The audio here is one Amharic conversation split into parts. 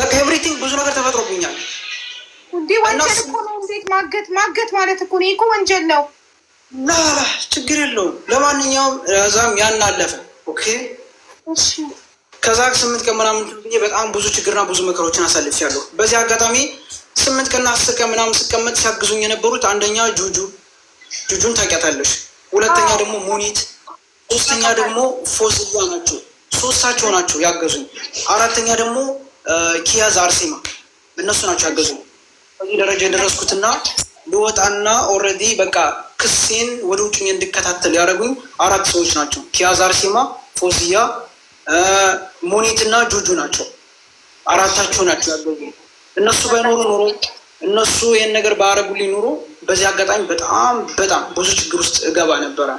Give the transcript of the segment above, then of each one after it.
በቃ ኤቭሪቲንግ ብዙ ነገር ተፈጥሮብኛል። እንዴ ወንጀል እኮ ነው። እንዴት ማገት ማገት ማለት እኮ ነው እኮ ወንጀል ነው። ላላ ችግር የለውም። ለማንኛውም ዛም ያን አለፈ። ኦኬ ከዛ ስምንት ቀን ምናምን ብዬ በጣም ብዙ ችግርና ብዙ መከሮችን አሳልፊያለሁ። በዚህ አጋጣሚ ስምንት ቀንና አስር ቀን ምናምን ስቀመጥ ሲያግዙኝ የነበሩት አንደኛ ጁጁ ጁጁን ታውቂያታለሽ፣ ሁለተኛ ደግሞ ሙኒት፣ ሶስተኛ ደግሞ ፎስያ ናቸው። ሶስታቸው ናቸው ያገዙኝ። አራተኛ ደግሞ ኪያዝ አርሴማ እነሱ ናቸው ያገዙ በዚህ ደረጃ የደረስኩትና ልወጣና ኦልሬዲ በቃ ክሴን ወደ ውጭ እንድከታተል ያደረጉኝ አራት ሰዎች ናቸው። ኪያዝ አርሴማ፣ ፎዚያ፣ ሞኒት እና ጁጁ ናቸው። አራታቸው ናቸው ያገዙ። እነሱ ባይኖሩ ኖሮ እነሱ ይህን ነገር ባያረጉልኝ ኑሮ በዚህ አጋጣሚ በጣም በጣም ብዙ ችግር ውስጥ እገባ ነበረ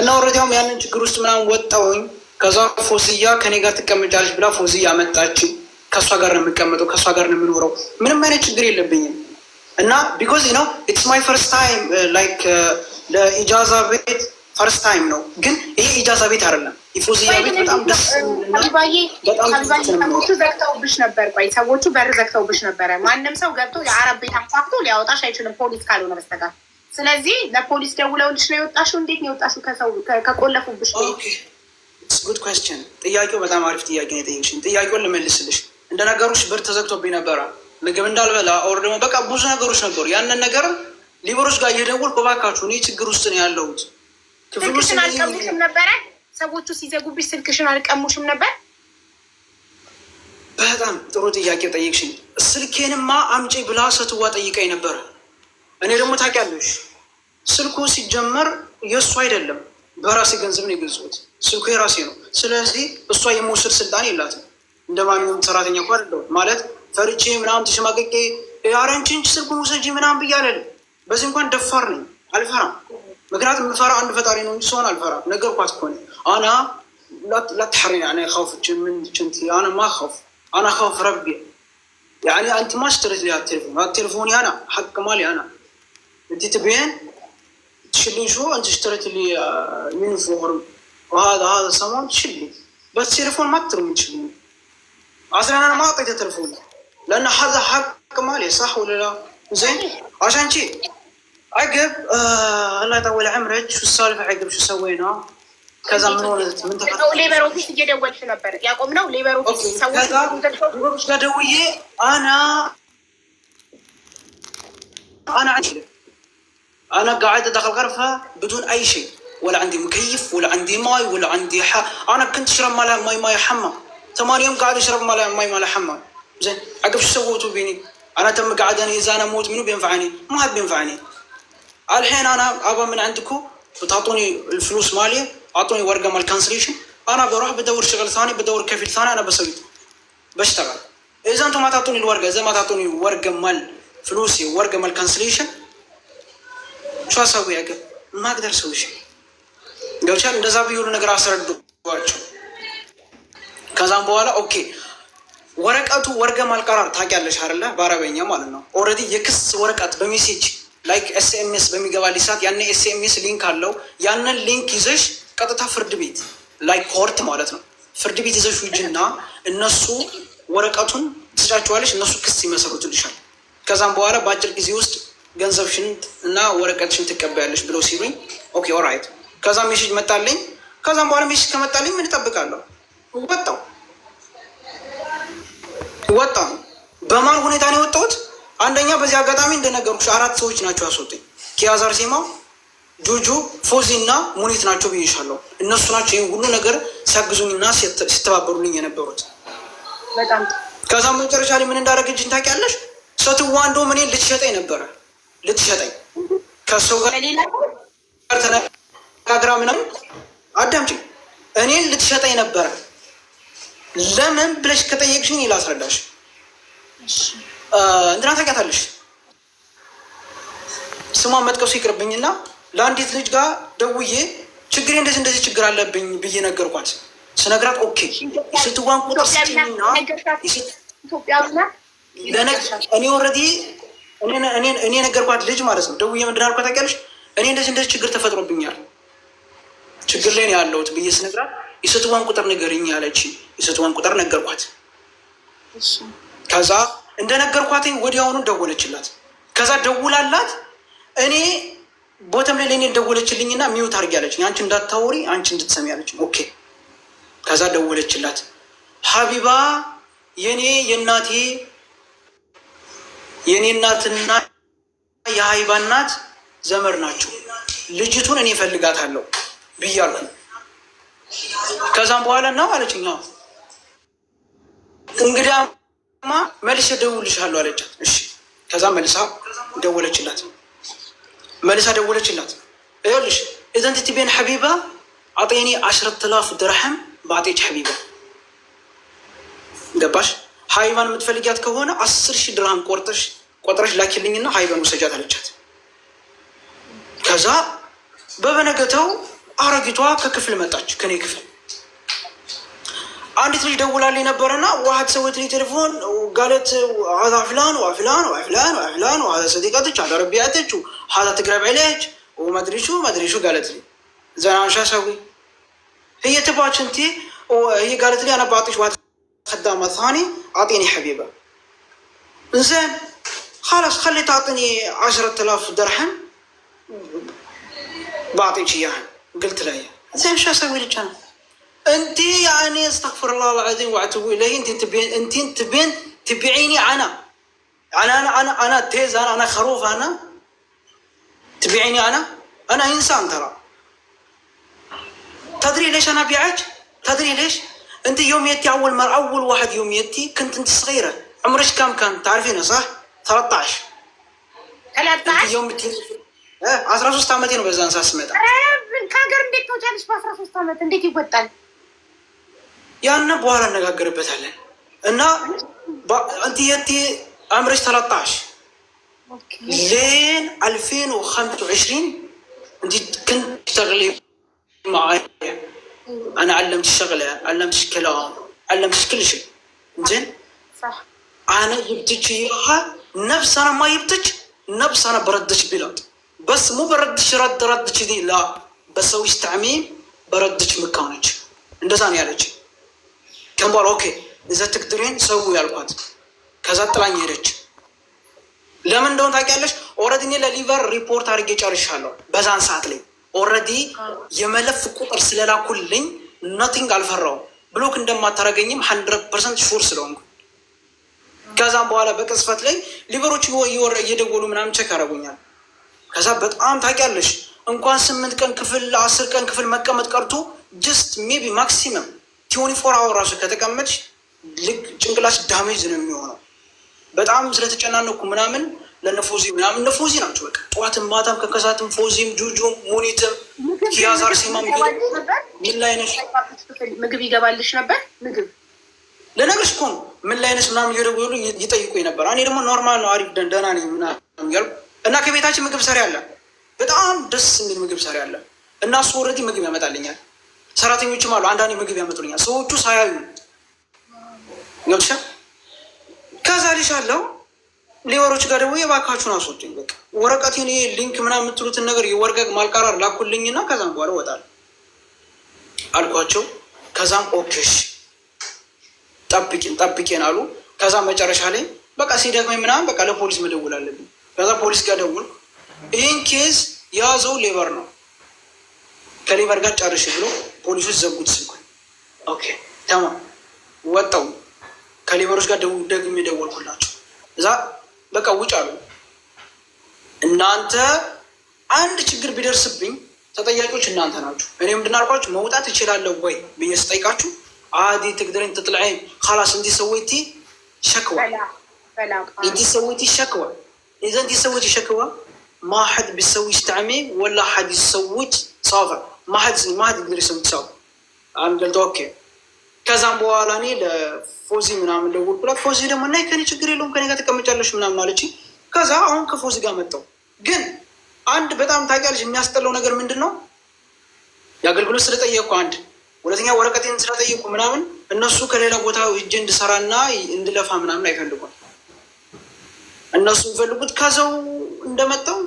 እና ኦልሬዲ ያንን ችግር ውስጥ ምናምን ወጣውኝ ከዛ ፎስያ ከኔ ጋር ትቀመጫለች ብላ ፎስያ መጣችው። ከእሷ ጋር ነው የምቀመጠው፣ ከእሷ ጋር ነው የምኖረው። ምንም አይነት ችግር የለብኝም እና ቢኮዝ ነው ኢትስ ማይ ፈርስት ታይም ላይክ ለኢጃዛ ቤት ፈርስት ታይም ነው። ግን ይሄ ኢጃዛ ቤት አይደለም፣ የፎስያ ቤት በጣም ደስ uh, ሰዎቹ ዘግተውብሽ ነበር። ቆይ ሰዎቹ በር ዘግተውብሽ ነበረ። ማንም ሰው ገብቶ የአረብ ቤት አፋፍቶ ሊያወጣሽ አይችልም፣ ፖሊስ ካልሆነ በስተቀር። ስለዚህ ለፖሊስ ደውለውልሽ ነው የወጣሽው? እንዴት ነው የወጣሽው? ከሰው ከቆለፉብሽ ነው ጉድ ኮስችን ጥያቄው በጣም አሪፍ ጥያቄ ነው የጠየቅሽኝ። ጥያቄውን ልመልስልሽ። እንደ ነገሮች ብር ተዘግቶብኝ ነበረ ምግብ እንዳልበላ ኦር ደግሞ በቃ ብዙ ነገሮች ነበሩ። ያንን ነገር ሊበሮች ጋር እየደወልኩ እባካችሁ እኔ ችግር ውስጥ ነው ያለሁት፣ ስልክሽን አልቀሙሽም ነበረ ሰዎቹ ሲዘጉብሽ፣ ስልክሽን አልቀሙሽም ነበር? በጣም ጥሩ ጥያቄ ጠየቅሽኝ። ስልኬንማ አምጪ ብላ ሰትዋ ጠይቀኝ ነበር። እኔ ደግሞ ታውቂያለሽ ስልኩ ሲጀመር የእሱ አይደለም በራሴ ገንዘብ ነው የገዛሁት ስልኩ የራሴ ነው። ስለዚህ እሷ የመውሰድ ስልጣን የላትም። እንደ ማንኛውም ሰራተኛ እኮ አይደለሁም ማለት ፈርቼ ምናምን ተሸማቀቄ ኧረ አንቺ እንጂ ስልኩን ውሰጂ ምናምን ብዬ አለል። በዚህ እንኳን ደፋር ነኝ፣ አልፈራም። ምክንያቱም የምፈራ አንድ ፈጣሪ ነው እንጂ ሰውን አልፈራም። ነገርኳት እኮ ነው አና ላትሐሪን ነ ካፍች ምንችንቲ አነ ማ ካፍ አና ካፍ ረቢ يعني انت ما اشتريت لي التليفون هذا تليفوني انا حق مالي انا انت تبين تشيلين شو انت اشتريت لي يونيفورم وهذا هذا سمون شلي بس تليفون ما ترمي تشلي اصلا انا ما اعطيته تليفون لان هذا حق مالي صح ولا لا؟ زين عشان شي عقب آه الله يطول عمرك شو السالفه عقب شو سوينا؟ كذا من ولدت من تحت ليبر اوفيس يدولت نبر قمنا وليبر اوفيس سويت كذا انا انا عندي انا قاعد ادخل غرفه بدون اي شيء ولا عندي مكيف ولا عندي ماي ولا عندي ح... انا كنت اشرب ماء ماي ماي حمى ثمان يوم قاعد اشرب ماء ماي ماي حمى زين عقب شو سويتوا بيني؟ انا تم قاعد انا اذا انا اموت منو بينفعني؟ ما حد بينفعني الحين انا ابى من عندكم بتعطوني الفلوس مالي اعطوني ورقه مال كانسليشن انا بروح بدور شغل ثاني بدور كفيل ثاني انا بسوي بشتغل اذا انتم ما تعطوني الورقه اذا ما تعطوني ورقه مال فلوسي وورقه مال كانسليشن شو اسوي عقب؟ ما اقدر اسوي شيء ገብቻል። እንደዛ ብዬ ነገር አስረዱቸው። ከዛም በኋላ ኦኬ ወረቀቱ ወርገም አልቀራር ታውቂያለሽ አይደለ? በአረበኛ ማለት ነው። ኦልሬዲ የክስ ወረቀት በሜሴጅ ላይክ ኤስኤምኤስ በሚገባ ሊሳት ያን ኤስኤምኤስ ሊንክ አለው። ያንን ሊንክ ይዘሽ ቀጥታ ፍርድ ቤት ላይክ ኮርት ማለት ነው። ፍርድ ቤት ይዘሽ እና እነሱ ወረቀቱን ትሰጫቸዋለሽ፣ እነሱ ክስ ይመሰርቱልሻል። ከዛም በኋላ በአጭር ጊዜ ውስጥ ገንዘብሽን እና ወረቀትሽን ትቀበያለሽ ብለው ሲሉኝ ኦኬ ኦራይት ከዛ ሜሴጅ መጣልኝ። ከዛም በኋላ ሜሴጅ ከመጣልኝ ምን እጠብቃለሁ? ወጣው ወጣው። በማን ሁኔታ ነው የወጣሁት? አንደኛ በዚህ አጋጣሚ እንደነገርኩሽ አራት ሰዎች ናቸው ያስወጡኝ። ኪያዛር ሴማ፣ ጆጆ፣ ፎዚ እና ሙኒት ናቸው ብይሻለሁ። እነሱ ናቸው ይህ ሁሉ ነገር ሲያግዙኝና ሲተባበሩልኝ የነበሩት። ከዛም መጨረሻ ላይ ምን እንዳደረገችኝ ታውቂያለሽ? ሴትዋ እንደውም ምኔ ልትሸጠኝ ነበረ ልትሸጠኝ ከሰው ጋር ከግራ ምናምን አዳምጪ። እኔን ልትሸጠኝ ነበረ። ለምን ብለሽ ከጠየቅሽኝ ይላ አስረዳሽ እንትና ታውቂያታለሽ፣ ስሟን መጥቀሱ ይቅርብኝና ለአንዲት ልጅ ጋር ደውዬ ችግሬ እንደዚህ እንደዚህ ችግር አለብኝ ብዬ ነገርኳት። ስነግራት ኦኬ ስትዋን ቁጥር ስጪኝና እኔ እኔ ነገርኳት ልጅ ማለት ነው። ደውዬ ምንድን አልኳት ታውቂያለሽ? እኔ እንደዚህ እንደዚህ ችግር ተፈጥሮብኛል ችግር ላይ ነው ያለሁት ብዬ ስነግራት የስትዋን ቁጥር ንገርኝ ያለች የስትዋን ቁጥር ነገርኳት። ከዛ እንደነገርኳት ወዲያውኑ ደወለችላት። ከዛ ደውላላት እኔ ቦተም ላይ ለእኔ ደወለችልኝና ሚዩት አድርጊ ያለችኝ አንቺ እንዳታወሪ አንቺ እንድትሰሚ ያለች ኦኬ ከዛ ደወለችላት። ሀቢባ የኔ የእናቴ የእኔ እናትና የሀይባ እናት ዘመር ናቸው። ልጅቱን እኔ እፈልጋታለሁ ብያለሁ። ከዛም በኋላ እና አለችኝ እንግዳማ መልስ ደውልሻለሁ አለቻት። እሺ ከዛ መልሳ ደወለችላት። መልሳ ደወለችላት ይኸውልሽ እዘን ትትቤን ሐቢባ አጤኒ ዓሽረት ትላፍ ድርሐም በአጤች ሐቢባ ገባሽ ሀይባን የምትፈልጊያት ከሆነ አስር ሺህ ድርሃም ቆርጠሽ ቆጥረሽ ላኪልኝና ሀይባን ውሰጃት አለቻት። ከዛ በበነገተው አረጊቷ ከክፍል መጣች፣ ከኔ ክፍል አንዲት ልጅ ደውላል ነበረና ዋሀት ሰወት ላይ ቴሌፎን قالت هذا فلان وفلان وفلان وفلان وهذا صديقتك هذا ربيعتك وهذا تقرب عليك وما ادري شو ما ادري شو قالت لي زين انا شو اسوي؟ هي تباك انت وهي قالت لي انا بعطيك واحد خدامه ثاني اعطيني حبيبه زين خلاص خلي تعطيني 10000 درهم بعطيك اياهم قلت له إيه. زين شو اسوي لك انا؟ انت يعني استغفر الله العظيم واتوب اليه انت تبين انت تبين تبيعيني انا انا يعني انا انا انا تيز انا انا خروف انا تبيعيني انا انا انسان ترى تدري ليش انا ابيعك؟ تدري ليش؟ انت يوم يتي اول مره اول واحد يوم يتي كنت انت صغيره عمرك كم كان تعرفينه صح؟ 13 13 يوم يتي አስራ ሶስት ዓመቴ ነው። በዛን ሰዓት ስመጣ ከሀገር እንዴት ተውጫለሽ? በአስራ ሶስት ዓመት እንዴት ይወጣል? ያን በኋላ እነጋገርበታለን። እና አንቲየቴ አምረሽ ተላጣሽ ሌን አልፌን ወከምስ ዕሽሪን እንዲ ክን ተግሊ ማዓያ አነ ዓለምቲ ሸቅለ ዓለምቲ ክላም ዓለምቲ ክል ሽ እንትን አነ ይብትች ይኸ ነብስ አነ ማ ይብትች ነብስ አነ በረደች ቢላጥ بس مو بردش رد رد كذي لا بسويش تعميم بردش مكانك እንደዛ ነው ያለች። ከም ኦኬ እዛ ትክትሬን ሰው ያልኳት ከዛ ጥላኝ ሄደች። ለምን እንደሆነ ታውቂያለሽ? ኦልሬዲ እኔ ለሊቨር ሪፖርት አድርጌ ጨርሻለሁ። በዛን ሰዓት ላይ ኦልሬዲ የመለፍ ቁጥር ስለላኩልኝ ኖቲንግ አልፈራውም። ብሎክ እንደማታረገኝም ሀንድረድ ፐርሰንት ሹር ስለሆንኩ ከዛም በኋላ በቅጽበት ላይ ሊቨሮች እየደወሉ ምናምን ቸክ ያደረጉኛል። ከዛ በጣም ታውቂያለሽ እንኳን ስምንት ቀን ክፍል ለአስር ቀን ክፍል መቀመጥ ቀርቶ ጀስት ሜቢ ማክሲመም ቲዮኒ ፎር አወር ራሱ ከተቀመጥሽ ልክ ጭንቅላሽ ዳሜጅ ነው የሚሆነው። በጣም ስለተጨናነኩ ምናምን ለነፎዚ ምናምን ነፎዚ ናቸው። በቃ ጠዋትም ማታም ከከሳትም ፎዚም ጁጁም ሙኒትም ኪያዛር ሲማም ምን ላይ ነሽ ምግብ ይገባልሽ ነበር ምግብ ለነገርሽ እኮ ነው ምን ላይነት ምናምን እየደወሉ ይጠይቁኝ ነበር። እኔ ደግሞ ኖርማል ነው አሪፍ ደህና ነኝ ምናምን እያልኩ እና ከቤታችን ምግብ ሰሪ አለ። በጣም ደስ የሚል ምግብ ሰሪ አለ እና እሱ ወረዲ ምግብ ያመጣልኛል። ሰራተኞችም አሉ አንዳንዴ ምግብ ያመጡልኛል። ሰዎቹ ሳያዩ ገብሻ ከዛ ልጅ አለው ሌበሮች ጋር ደግሞ የባካችሁን አስወጡኝ፣ በቃ ወረቀቴን ይሄ ሊንክ ምናምን የምትሉትን ነገር የወርገግ ማልቀራር ላኩልኝና ከዛም በኋላ ወጣል አልኳቸው። ከዛም ኦኬሽ ጠብቂን ጠብቂን አሉ። ከዛም መጨረሻ ላይ በቃ ሲደክመኝ ምናምን በቃ ለፖሊስ መደውል አለብኝ ከዛ ፖሊስ ጋር ደውል፣ ይህን ኬዝ የያዘው ሌበር ነው ከሌበር ጋር ጨርሽ ብሎ ፖሊሶች ዘጉት ስልኩን። ኦኬ ተማ ወጣው። ከሌበሮች ጋር ደግሜ ደወልኩላቸው። እዛ በቃ ውጭ አሉ። እናንተ አንድ ችግር ቢደርስብኝ ተጠያቂዎች እናንተ ናችሁ። እኔ ምንድን አልኳችሁ መውጣት እችላለሁ ወይ ብዬ ስጠይቃችሁ አዲ ትግደረኝ ትጥልዐኝ ካላስ እንዲህ ሰወይቲ ሸክዋ እንዲህ ኢዘን ዲ ሰዎች ይሸክዋ ማሐድ ብሰዊች ጣዕሜ ወላ ሓድ ሰዎች ሳፍዕ ማሐድ ማሐድ ግሪ ሰዎች ሳፍዕ አንገልጠ ኦኬ ከዛም በኋላ እኔ ለፎዚ ምናምን ደወልኩላት። ፎዚ ደግሞ ናይ ከኔ ችግር የለውም ከኔ ጋር ተቀመጫለሽ ምናምን አለች። ከዛ አሁን ከፎዚ ጋር መጣው። ግን አንድ በጣም ታውቂያለሽ የሚያስጠላው ነገር ምንድን ነው? የአገልግሎት ስለጠየቅኩ አንድ፣ ሁለተኛ ወረቀቴን ስለጠየቅኩ ምናምን እነሱ ከሌላ ቦታ እጅ እንድሰራና እንድለፋ ምናምን አይፈልጉም። እነሱ የሚፈልጉት ከሰው እንደመጣው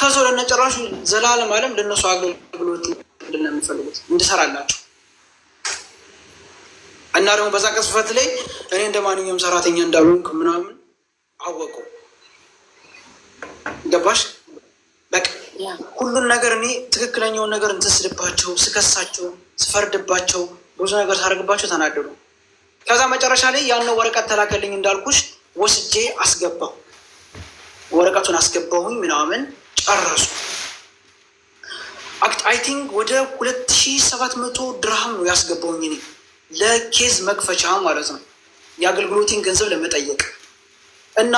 ከሰው ለነጨራሹ ዘላለም አለም ለነሱ አገልግሎት ምንድነው እንድሰራላቸው እና ደግሞ በዛ ቅጽበት ላይ እኔ እንደ ማንኛውም ሰራተኛ እንዳልሆንክ ምናምን አወቁ። ገባሽ? በቃ ሁሉን ነገር እኔ ትክክለኛውን ነገር እንትስድባቸው፣ ስከሳቸው፣ ስፈርድባቸው፣ ብዙ ነገር ሳደርግባቸው ተናደዱ። ከዛ መጨረሻ ላይ ያንን ወረቀት ተላከልኝ እንዳልኩሽ ወስጄ አስገባው። ወረቀቱን አስገባሁኝ ምናምን ጨረሱ። አይ ቲንክ ወደ ሁለት ሺ ሰባት መቶ ድርሃም ነው ያስገባሁኝ እኔ ለኬዝ መክፈቻ ማለት ነው የአገልግሎቴን ገንዘብ ለመጠየቅ እና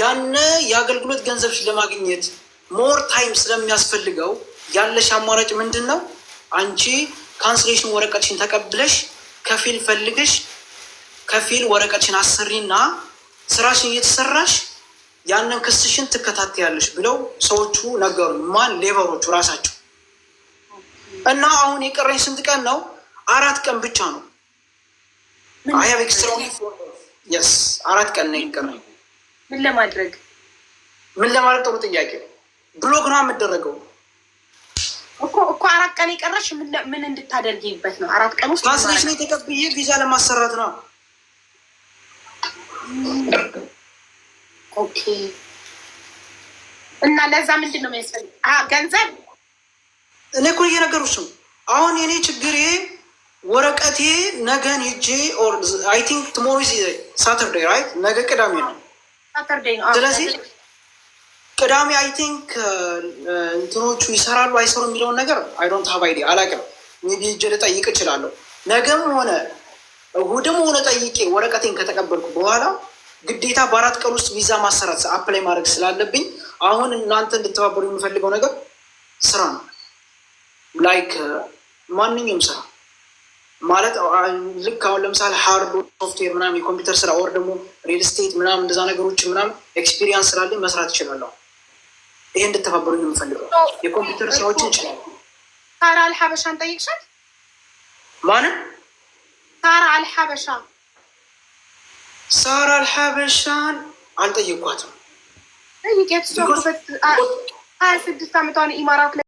ያነ የአገልግሎት ገንዘብ ለማግኘት ሞር ታይም ስለሚያስፈልገው ያለሽ አማራጭ ምንድን ነው? አንቺ ካንስሌሽን ወረቀትሽን ተቀብለሽ ከፊል ፈልገሽ ከፊል ወረቀትሽን አሰሪና ስራሽን እየተሰራሽ ያንን ክስሽን ትከታተያለሽ ብለው ሰዎቹ ነገሩ ማን ሌበሮቹ ራሳቸው እና አሁን የቀረኝ ስንት ቀን ነው? አራት ቀን ብቻ ነው። አያብ ኤክስትራ የስ አራት ቀን ነው የቀረኝ። ምን ለማድረግ ምን ለማድረግ? ጥሩ ጥያቄ። ብሎግ ነው የምደረገው እኮ እኮ አራት ቀን የቀረሽ ምን እንድታደርጊበት ነው? አራት ቀን ውስጥ ትራንስሌሽን የተቀብዬ ቪዛ ለማሰራት ነው። ኦኬ። እና ለዛ ምንድን ነው የሚያስፈልግ? ገንዘብ እኔ እኮ እየነገሩሽ ነው። አሁን የኔ ችግሬ ወረቀቴ ነገን ሂጄ አይ ቲንክ ትሞሮ ሳተርዴይ ራይት፣ ነገ ቅዳሜ ነው። ስለዚህ ቅዳሜ አይ ቲንክ እንትኖቹ ይሰራሉ አይሰሩ የሚለውን ነገር አይ ዶንት ሀቭ አይዲ አላውቅም። ሜቢ ሂጄ ልጠይቅ እችላለሁ። ነገም ሆነ እሑድም ሆነ ጠይቄ ወረቀቴን ከተቀበልኩ በኋላ ግዴታ በአራት ቀን ውስጥ ቪዛ ማሰራት አፕላይ ማድረግ ስላለብኝ አሁን እናንተ እንድተባበሩ የምፈልገው ነገር ስራ ነው። ላይክ ማንኛውም ስራ ማለት ልክ አሁን ለምሳሌ ሃርድ ሶፍትዌር ምናምን የኮምፒውተር ስራ ወር ደግሞ ሪል ስቴት ምናምን እንደዛ ነገሮች ምናምን ኤክስፒሪያንስ ስላለኝ መስራት እችላለሁ። ይሄ እንድተባበሩ የምፈልገው የኮምፒውተር ስራዎችን ይችላል። ታራ አልሀበሻን ጠይቅሻል። ማንም ታራ አልሀበሻ ሳራ አልሐበሻን አልጠየኳትም። ሀያ ስድስት ዓመቷን ኢማራት